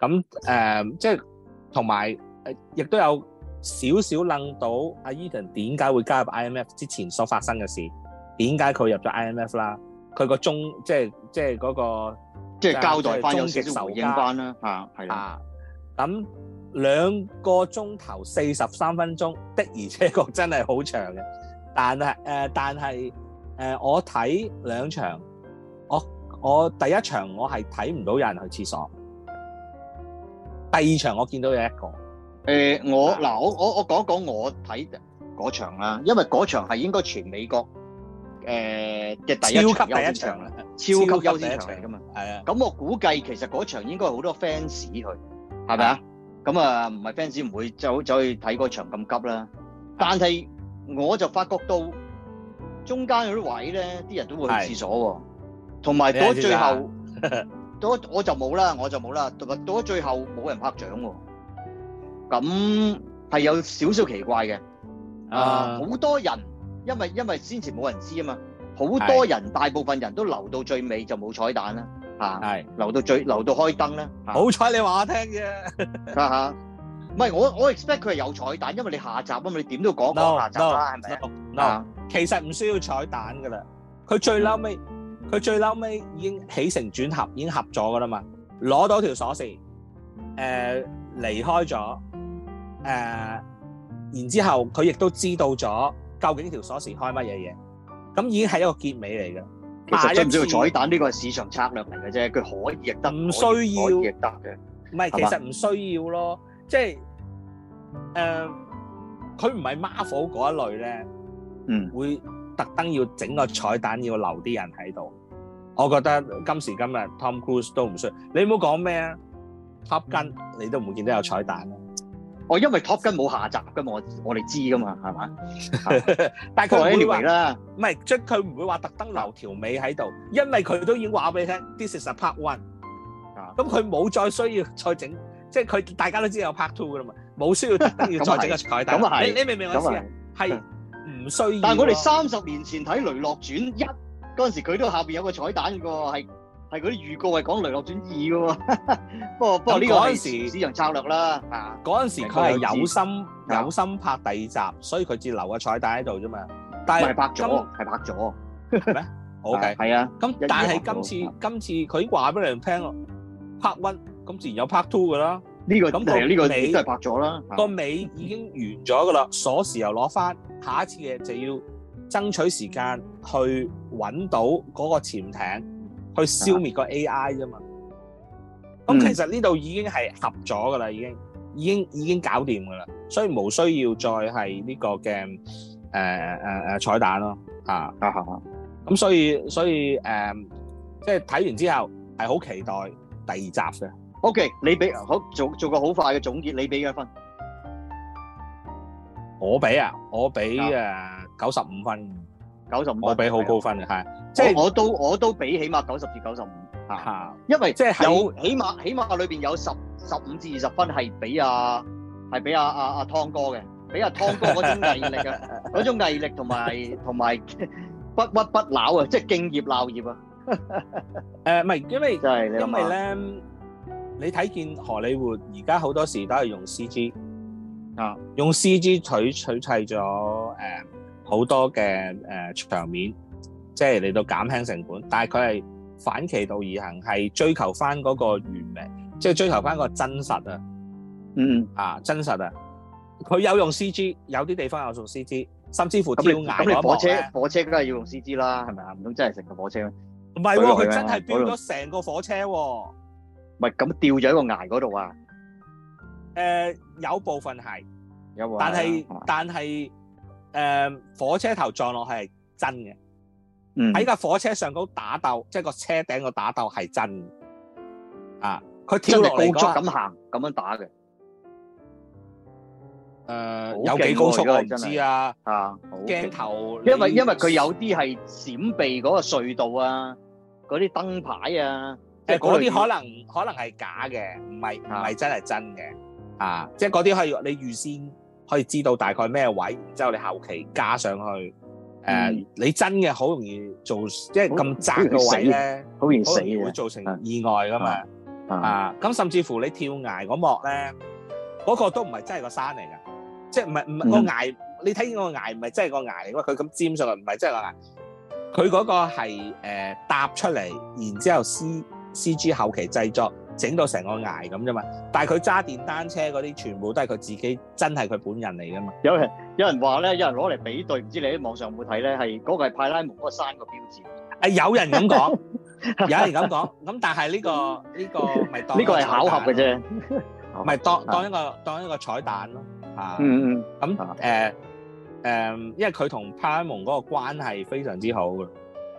咁誒即係同埋誒亦都有。少少諗到阿 Ethan 點解會加入 IMF 之前所發生嘅事，點解佢入咗 IMF 啦？佢、即係即係嗰個中即係即係嗰即係交代翻有少少應翻啦吓，係啦。咁、啊、兩個鐘頭四十三分鐘的而且確真係好長嘅，但係誒、呃、但係誒、呃、我睇兩場我我第一場我係睇唔到有人去廁所，第二場我見到有一個。誒我嗱，我我我講講我睇嗰場啦，因為嗰場係應該全美國誒嘅第一超級第一場啦，超級優先場嚟噶嘛。係啊，咁我估計其實嗰場應該好多 fans 去，係咪啊？咁啊，唔係 fans 唔會走走去睇嗰場咁急啦。但係我就發覺到中間有啲位咧，啲人都會去廁所喎。同埋到咗最後，到我就冇啦，我就冇啦。到到咗最後冇人拍掌喎。咁係有少少奇怪嘅，啊！好多人因為因為先前冇人知啊嘛，好多人大部分人都留到最尾就冇彩蛋啦，嚇！係留到最留到開燈啦，好彩你話我聽啫。家下唔係我我 expect 佢係有彩蛋，因為你下集啊嘛，你點都要講講下集啦，係咪？No，其實唔需要彩蛋噶啦，佢最嬲尾佢最嬲尾已經起承轉合已經合咗噶啦嘛，攞到條鎖匙，誒離開咗。誒、呃，然之後佢亦都知道咗究竟條鎖匙開乜嘢嘢，咁已經係一個結尾嚟嘅。其實唔知道彩蛋呢，個係市場策略嚟嘅啫，佢可以亦得，唔需要。唔係，其實唔需要咯，即係誒，佢唔係 Marvel 嗰一類咧，嗯，會特登要整個彩蛋要留啲人喺度。我覺得今時今日 Tom Cruise 都唔需要，你唔好講咩啊，Top Gun、嗯、你都唔會見到有彩蛋。我、哦、因為 Top 跟冇下集嘅，我我哋知噶嘛，係嘛？大概 a n y w 啦，唔係即佢唔會話特登留條尾喺度，因為佢都已經話俾你聽，This is a Part One、uh, 嗯。啊，咁佢冇再需要再整，即係佢大家都知有 Part Two 嘅啦嘛，冇需要特登要再整彩蛋。咁 係，你明唔明我意思啊？係唔需要。但係我哋三十年前睇《雷洛傳一》一嗰時時，佢都下面有個彩蛋喎，係。係嗰啲預告，係講雷洛傳二嘅喎。 不過不過呢個係市場策略啦。嗰、啊、陣時佢係有心、啊、有心拍第二集，所以佢只留個彩帶喺度啫嘛。但係拍咗，係拍咗咩？OK，係啊。咁、啊、但係今次今次佢已經話俾你聽啦 part one，咁自然有 part two 嘅啦。呢、這個咁同、那個、尾都係、這個、拍咗啦。個尾，尾已經完咗嘅啦， 鎖匙又攞翻。下一次嘅就要爭取時間去揾到嗰個潛艇。去消滅個 AI 啫嘛，咁其實呢度已經係合咗噶啦，已經已經已經搞掂噶啦，所以冇需要再係呢個嘅誒誒誒彩蛋咯，啊啊啊！咁所以所以誒，即係睇完之後係好期待第二集嘅。OK，你俾好做做個好快嘅總結。你俾幾分？我俾啊，我俾誒九十五分。九十五，我俾好高分嘅。係，即係我都我都俾起碼九十至九十五，嚇，因為即係有起碼起碼裏邊有十十五至二十分係俾阿係俾阿阿阿湯哥嘅，俾阿湯哥嗰種毅力啊，嗰種毅力同埋同埋不屈不撓啊，即係敬業鬧業啊，誒唔係，因為因為咧，你睇見荷里活而家好多時都係用 CG 啊，用 CG 取取替咗誒。好多嘅誒場面，即係嚟到減輕成本，但係佢係反其道而行，係追求翻嗰個完美，即係追求翻個真實啊！嗯，嗯啊，真實啊！佢有用 CG，有啲地方有用 CG，甚至乎吊崖嗰火車，火車梗係要用 CG 啦，係咪啊？唔通真係成個火車？唔係喎，佢、啊、真係變咗成個火車喎！唔係咁吊咗喺個崖嗰度啊！誒、呃，有部分係，有但係但係。誒、嗯，火車頭撞落去係真嘅，喺、嗯、架火車上高打鬥，即係個車頂個打鬥係真嘅，啊，佢跳落、那個、高速咁行，咁、呃、樣，樣打嘅，誒、呃，有幾高速我唔知啊，啊，鏡頭，因為因為佢有啲係閃避嗰個隧道啊，嗰啲燈牌啊，誒、啊，嗰啲可能可能係假嘅，唔係唔係真係真嘅，啊，即係嗰啲係你預先。可以知道大概咩位，然之後你後期加上去，誒、嗯呃，你真嘅好容易做，即係咁窄嘅位咧，好容易死，容易會造成意外噶嘛，啊，咁、啊啊、甚至乎你跳崖嗰幕咧，嗰、嗰個都唔係真係個山嚟噶，即係唔係唔係個崖，嗯、你睇見個崖唔係真係個崖嚟，因為佢咁尖上去，唔係真係個崖，佢嗰個係、呃、搭出嚟，然之後 C C G 後期製作。整到成個崖咁啫嘛，但係佢揸電單車嗰啲全部都係佢自己，真係佢本人嚟噶嘛。有人有人話咧，有人攞嚟比對，唔知你喺網上有冇睇咧？係嗰個係派拉蒙嗰個山個標誌。誒有人咁講，有人咁講。咁但係呢個呢個咪當呢個係巧合嘅啫，咪當當一個當一個彩蛋咯。嚇，嗯嗯。咁誒誒，因為佢同派拉蒙嗰個關係非常之好嘅。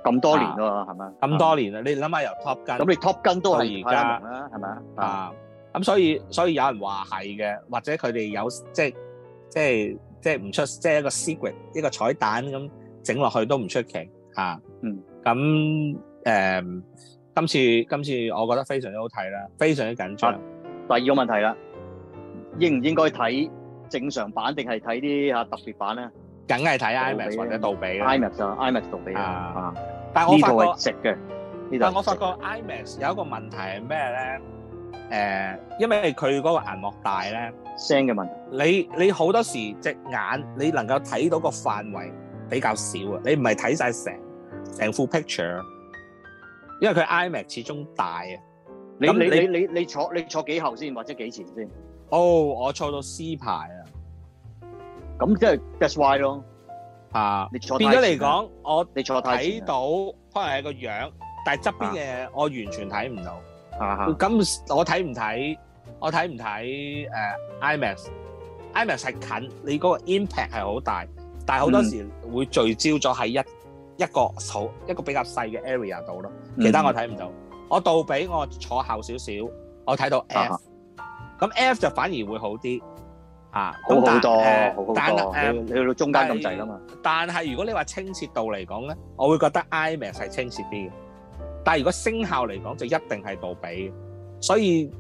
咁多年咯，係嘛？咁多年啦，你諗下由 Top Gun 咁，你 Top Gun 都係而家啦，係咪？啊，咁、啊啊啊、所以所以有人話係嘅，或者佢哋有即係即係即係唔出，即係一個 secret，一個彩蛋咁整落去都唔出奇啊。嗯啊，咁、啊、誒，今次今次我覺得非常之好睇啦，非常之緊張。第二個問題啦，應唔應該睇正常版定係睇啲吓特別版咧？梗係睇 IMAX 或者杜比 IMAX 啦，IMAX 杜比啊！但係我發覺係直嘅，但我發覺 IMAX 有一個問題係咩咧？誒、呃，因為佢嗰個銀幕大咧，聲嘅問題。你你好多時隻眼你能夠睇到個範圍比較少啊！你唔係睇晒成成副 picture，因為佢 IMAX 始終大啊！你你你你你坐你坐幾後先或者幾前先？哦，我坐到 C 排啊！咁即係 That's why 咯。啊！你坐變咗嚟講，我睇到可能係個樣，但係側邊嘅我完全睇唔到。啊啊！咁我睇唔睇？我睇唔睇？誒，IMAX，IMAX 係近，你嗰個 impact 係好大，但係好多時會聚焦咗喺一一個好一個比較細嘅 area 度咯。其他我睇唔到。我杜比我坐後少少，我睇到 F。咁 F 就反而會好啲。啊，好好多，好好多，你去到中間咁滯啦嘛。但係如果你話清晰度嚟講咧，我會覺得 IMAX 係清晰啲嘅。但係如果聲效嚟講，就一定係杜比嘅。所以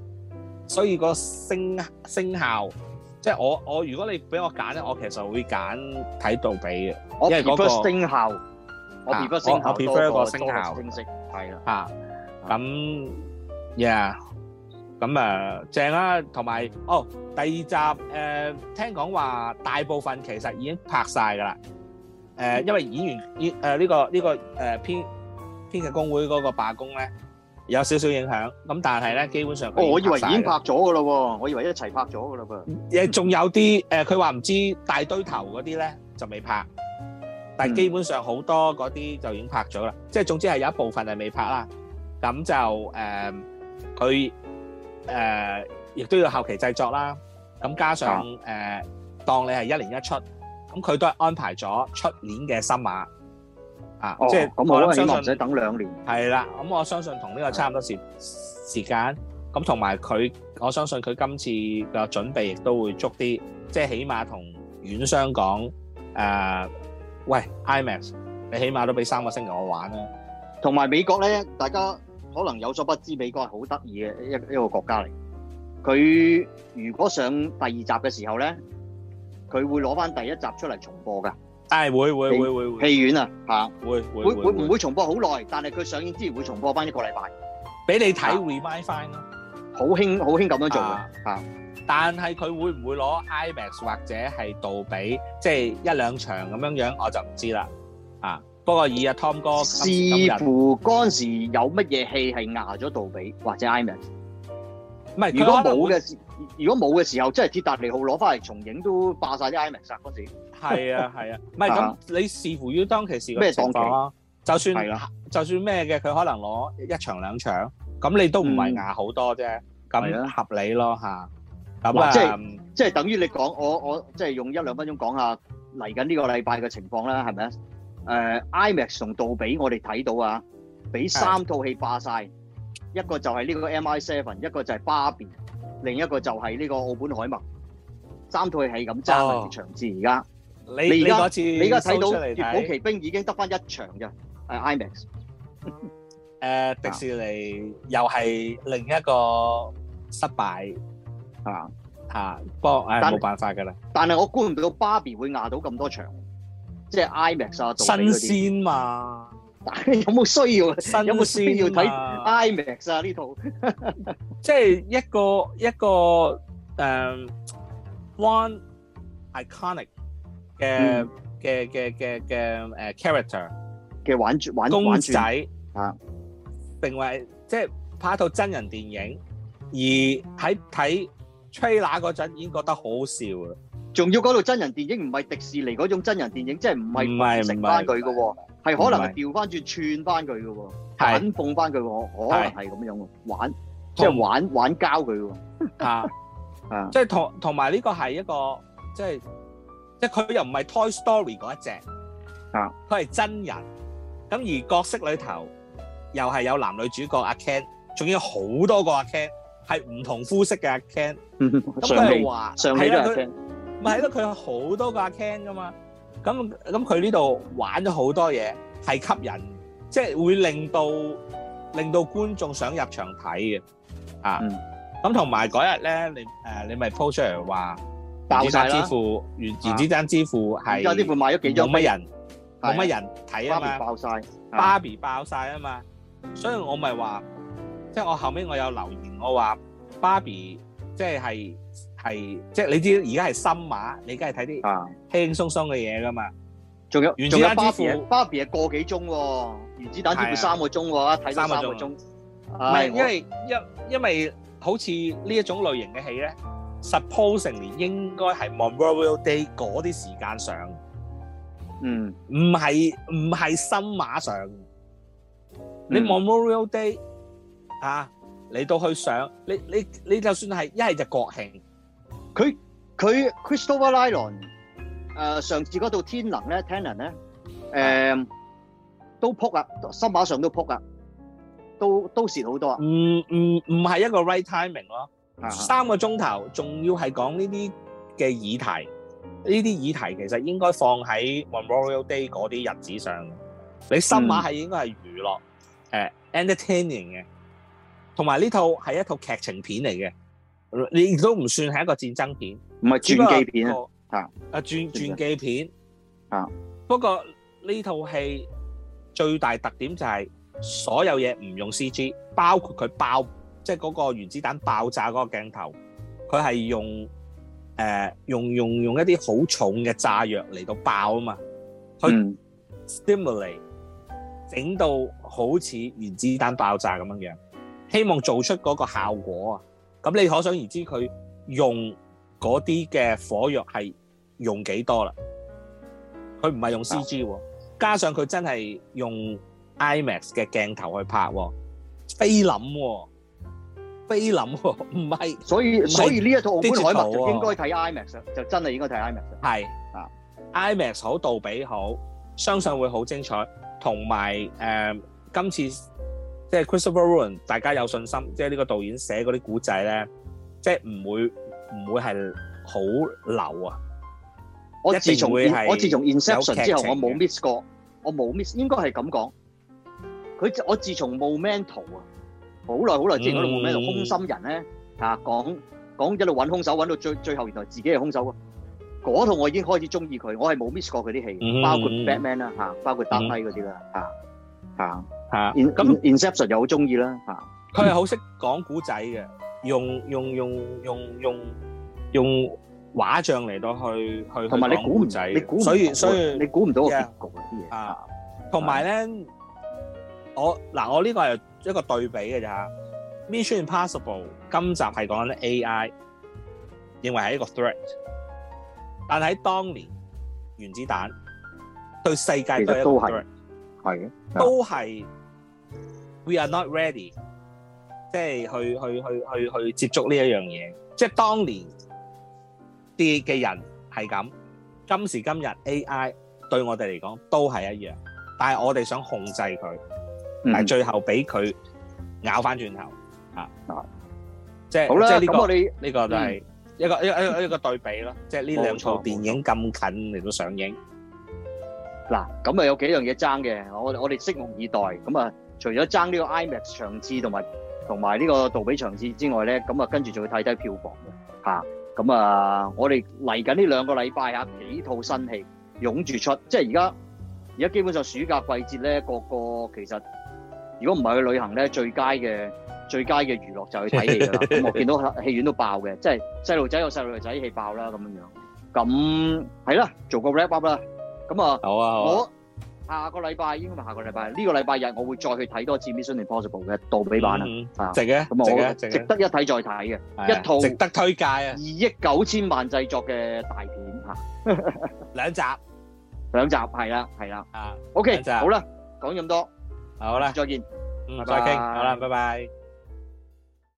所以個聲聲效，即係我我如果你俾我揀咧，我其實會揀睇杜比嘅，因為嗰個聲效，我 prefer 聲效，prefer 一個聲效，係啦，啊咁，yeah。咁啊，正啦！同埋哦，第二集誒，聽講話大部分其實已經拍曬噶啦。誒，因為演員依誒呢個呢個誒編編劇工會嗰個罷工咧，有少少影響。咁但係咧，基本上哦，我以為已經拍咗噶啦喎，我以為一齊拍咗噶啦噃。誒，仲有啲誒，佢話唔知大堆頭嗰啲咧就未拍，但係基本上好多嗰啲就已經拍咗啦。即係總之係有一部分係未拍啦。咁就誒佢。誒，亦都要後期製作啦。咁加上誒，當你係一年一出，咁佢都係安排咗出年嘅新碼啊。即係咁，我相信唔使等兩年。係啦，咁我相信同呢個差唔多時時間。咁同埋佢，我相信佢今次嘅準備亦都會足啲。即係起碼同院商講誒，喂 IMAX，你起碼都俾三個星期我玩啦。同埋美國咧，大家。可能有所不知，美國係好得意嘅一一個國家嚟。佢如果上第二集嘅時候咧，佢會攞翻第一集出嚟重播㗎。誒、哎、會會會會戲院啊嚇、啊，會會會唔會,會,會,會重播好耐、啊啊啊？但係佢上映之前會重播翻一個禮拜，俾你睇 remind 咯。好興好興咁樣做嘅嚇。但係佢會唔會攞 IMAX 或者係杜比，即、就、係、是、一兩場咁樣樣，我就唔知啦嚇。啊不過 Tom、啊、哥視乎嗰陣時有乜嘢戲係壓咗杜比或者 Imax？唔係，如果冇嘅，如果冇嘅時候，即係鐵達尼號攞翻嚟重影都霸晒啲 Imax。嗰陣時係啊係啊，唔係咁你視乎要當其時咩當期？就算係咯、啊，就算咩嘅佢可能攞一場兩場咁，那你都唔係壓好多啫，咁、嗯、合理咯嚇咁啊，即係、嗯、等於你講我我即係用一兩分鐘講下嚟緊呢個禮拜嘅情況啦，係咪啊？誒、uh, IMAX 同杜比我們看，我哋睇到啊，俾三套戲霸晒。一個就係呢個 M I Seven，一個就係芭比，另一個就係呢個澳本海默，三套戲係咁爭、哦、場次而家。你而家你而家睇到《奪寶奇兵》已經得翻一場嘅，係、uh, IMAX。誒、 uh, 迪士尼又係另一個失敗，係、uh. 嚇、uh, uh,？不過誒冇辦法㗎啦。但係我估唔到芭比會壓到咁多場。即係 IMAX 啊，最新，鮮嘛， 有冇新鮮嘛？有冇需要？有冇需要睇 IMAX 啊？呢套 即係一個一個誒、um, One iconic 嘅嘅嘅嘅嘅 character 嘅玩，玩，玩，玩轉玩公仔啊，定為即係拍一套真人電影，而喺睇 trailer 嗰陣已經覺得好笑啊！仲要嗰度真人電影，唔係迪士尼嗰種真人電影，即係唔係明翻佢嘅喎，係可能調翻轉串翻佢嘅喎，揾奉翻佢喎，可能係咁樣喎，玩即係玩、嗯、玩交佢喎，啊 啊！即係同同埋呢個係一個即係即係佢又唔係 Toy Story 嗰一隻啊，佢係真人咁而角色裏頭又係有男女主角阿 Ken，仲要好多個阿 Ken 係唔同膚色嘅阿 Ken，咁佢係話上係啦咪睇到佢好多架 can 㗎嘛，咁咁佢呢度玩咗好多嘢，係吸引，即係會令到令到觀眾想入場睇嘅、嗯，啊，咁同埋嗰日咧，你誒你咪 po 出嚟話爆晒之父、原子彈之父係而家呢盤買咗幾張，冇乜人，冇乜人睇啊嘛，爆曬，芭比爆晒啊嘛，所以我咪話，即係我後尾我有留言，我話芭比即係。係即係，你知而家係森馬，你梗係睇啲輕鬆鬆嘅嘢噶嘛？仲有，仲有芭比芭比係個幾鐘，原子彈隻片三個鐘，睇三個鐘。唔係，因為因因為好似呢一種類型嘅戲咧，Supposedly 應該係 Memorial Day 嗰啲時間上，嗯，唔係唔係森馬上你 Memorial Day 啊嚟到去上，你你你就算係一係就國慶。佢佢 Christopher Nolan 誒、呃、上次嗰套天能咧，Tenet 咧都撲啊，心馬上都撲啊，都都蝕好多啊！唔唔唔係一個 right timing 咯，三個鐘頭仲要係講呢啲嘅議題，呢啲議題其實應該放喺 Memorial Day 嗰啲日子上。你心馬係應該係娛樂、嗯 uh, entertaining 嘅，同埋呢套係一套劇情片嚟嘅。你亦都唔算係一個戰爭片，唔係傳記片啊，啊，傳傳記片啊。不過呢套戲最大特點就係所有嘢唔用 CG，包括佢爆，即係嗰個原子彈爆炸嗰個鏡頭，佢係用誒、呃、用用用一啲好重嘅炸藥嚟到爆啊嘛，去 stimulate 整到好似原子彈爆炸咁樣樣，希望做出嗰個效果啊。咁你可想而知佢用嗰啲嘅火藥係用幾多啦？佢唔係用 CG，加上佢真係用 IMAX 嘅鏡頭去拍，菲林，菲林，唔係，所以所以呢一套《奧本海默》就應該睇 IMAX，就真係應該睇 IMAX。係啊，IMAX 好，杜比好，相信會好精彩。同埋誒，今次。即係 Christopher Nolan，大家有信心，即係呢個導演寫嗰啲古仔咧，即係唔會唔會係好流啊！我自從我自從 Inception 之後，我冇 miss 過，我冇 miss，應該係咁講。佢我自從 Memento 啊，好耐好耐之前嗰套 Memento 空心人咧啊，講講一路揾兇手，揾到最最後，原來自己係兇手啊！嗰套我已經開始中意佢，我係冇 miss 過佢啲戲、嗯，包括 Batman 啦嚇，包括打低嗰啲啦嚇嚇。係啊，然咁 inception 又好中意啦，吓佢係好識講古仔嘅，用用用用用用畫像嚟到去去同埋你估唔仔，你估唔所以所以你估唔到個結局啲嘢啊，同埋咧我嗱我呢個係一個對比嘅咋，Mission Impossible 今集係講緊 AI 認為係一個 threat，但係喺當年原子彈對世界都係都係。We are not ready，即係去去去去去接觸呢一樣嘢。即係當年啲嘅人係咁，今時今日 AI 對我哋嚟講都係一樣，但係我哋想控制佢、嗯，但係最後俾佢咬翻轉頭啊、嗯！即係即係、呢、呢個呢、呢個就係一個一個一個對比咯、嗯。即係呢兩套電影咁近嚟到上映，嗱咁啊有幾樣嘢爭嘅，我我哋拭目以待咁啊！除咗爭呢個 IMAX 場次同埋同埋呢個杜比場次之外咧，咁啊跟住仲要睇低票房嘅嚇。咁啊，啊，我哋嚟緊呢兩個禮拜嚇幾套新戲湧住出，即係而家而家基本上暑假季節咧，個個其實如果唔係去旅行咧，最佳嘅最佳嘅娛樂就去睇戲啦。咁 我見到戲院都爆嘅，即係細路仔有細路仔戲爆啦咁樣樣。咁係啦，做個 wrap up 啦。咁啊，好啊，我。好啊。下個禮拜應該咪下個禮拜呢個禮拜日，我會再去睇多次《Mission Impossible》嘅杜比版啊！值嘅，咁我值得一睇再睇嘅一套值得推介啊！二億九千萬製作嘅大片啊，兩集兩集係啦係啦啊，OK 好啦，講咁多好啦，再見，拜拜，再傾好啦，拜拜。